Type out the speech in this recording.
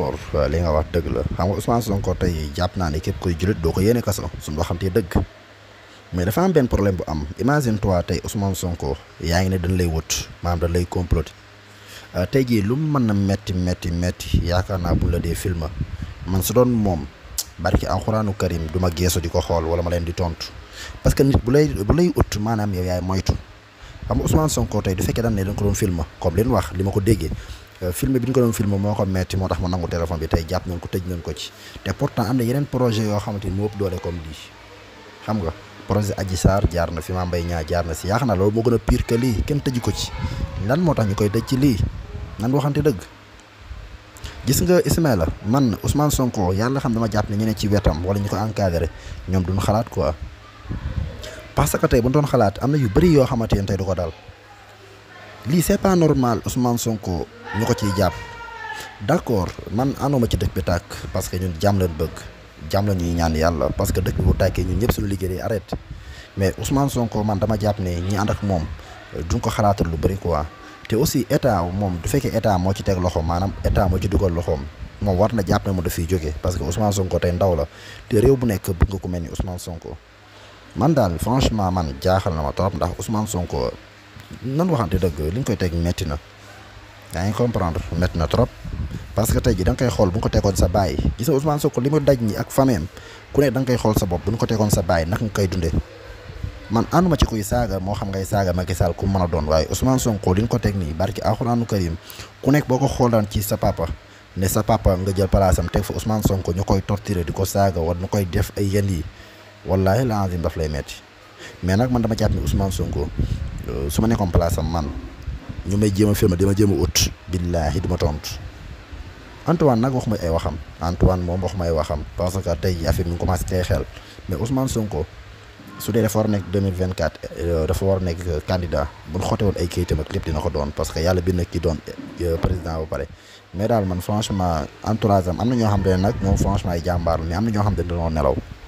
Sonko euh, li nga wax dëgg la xam nga Ousmane Sonko tey jàpp naa ne képp koy jullit doo ko yéene kaso suñu waxantee dëgg mais dafa am benn problème bu am imagine toi tey Ousmane Sonko yaa ngi ne dañ lay wut maanaam dañ lay comploter euh, tey jii lu mu mën na metti metti metti yaakaar naa bu la dee film man su doon moom barki alxuraanu karim du ma geesu di ko xool wala ma leen di tontu parce que nit bu lay bu lay ut maanaam yow yaay moytu xam nga son Sonko tey du fekkee dañ ne dañ ko doon film comme wax li ma ko déggee. Euh, filmé bi ñu ko doon filmé moo ko metti moo tax mu nangu téléphone bi tey jàpp nañ ko tëj nañ ko ci te pourtant am na yeneen projet yoo xamante ni moo ëpp doole comme lii xam nga projet Adji saar jaar na fi Mame mbay Niang jaar na si yaakaar na loolu moo gën a pire que lii kenn tëj ko ci lan moo tax ñu koy tëj ci lii nan waxante dëgg gis nga Ismaïla man Ousmane Sonko yàlla xam dama jàpp ne ñu ne ci wetam wala ñu ko encadré ñoom duñ xalaat quoi parce que tey bu doon xalaat am na yu bëri yoo xamante ne tey du ko daal lii c'est pas normal Ousmane Sonko ñu ko ciy jàpp d'accord man ànduma ci dëkk bi tàkk parce que ñun jàmm leen bëgg ñuy ñaan yàlla parce que dëkk bi bu tàkkee ñun ñëpp suñu liggéey yi arrête mais Ousmane Sonko man dama jàpp ne ñi ànd moom euh, duñ ko xalaatal lu bëri quoi te aussi état moom du fekkee état moo ci teg loxoom maanaam état moo ci dugal loxoom moom war na jàpp ne mu dafiy jógee parce que Ousmane Sonko tey ndaw la te réew bu nekk bëgg nga ku mel ni Ousmane Sonko man daal franchement man jaaxal na ma trop ndax Ousmane Sonko. nan waxante dëgg li ñu koy teg metti na yaa ngi comprendre métti na trop parce que tey ji danga koy xool bu nga ko tegoon sa baay gis nga Ousmane Sonko li mu daj ñi ak fameem ku ne da nga koy xool sa bopp ñu ko tegoon sa baay naka nga koy dundee man ànduma ci kuy saaga moo xam ngay saaga Macky saal ku mën a doon waaye Ousmane Sonko li ñu ko teg nii barki alxuraanu karim ku nekk boo ko xoolaan ci sa papa ne sa papa nga jël palaasam teg fa Ousmane Sonko ñu koy torturer di ko saaga wala ñu koy def ay yenn yi wallaahi la daf lay metti mais nag man dama jàpp ni Ousmane Sonko su ma nekkoon place am man ñu may jéem a filmé ma jéem a ut. billaahi dama tontu Antoine nag waxuma ay waxam Antoine moom waxuma ay waxam parce que tey jii affaire mi ngi commencé tey xel mais Ousmane Sonko su dee dafa war nekk 2024 euh, dafa war nekk euh, candidat bu ñu xoote woon ay kayitam ak lépp dina ko doon parce que yàlla bi na ki doon euh, président ba pare mais daal man franchement entourage am na ñoo xam ne nag moom franchement ay jàmbaar mais na ñoo xam ne dañoo nelaw.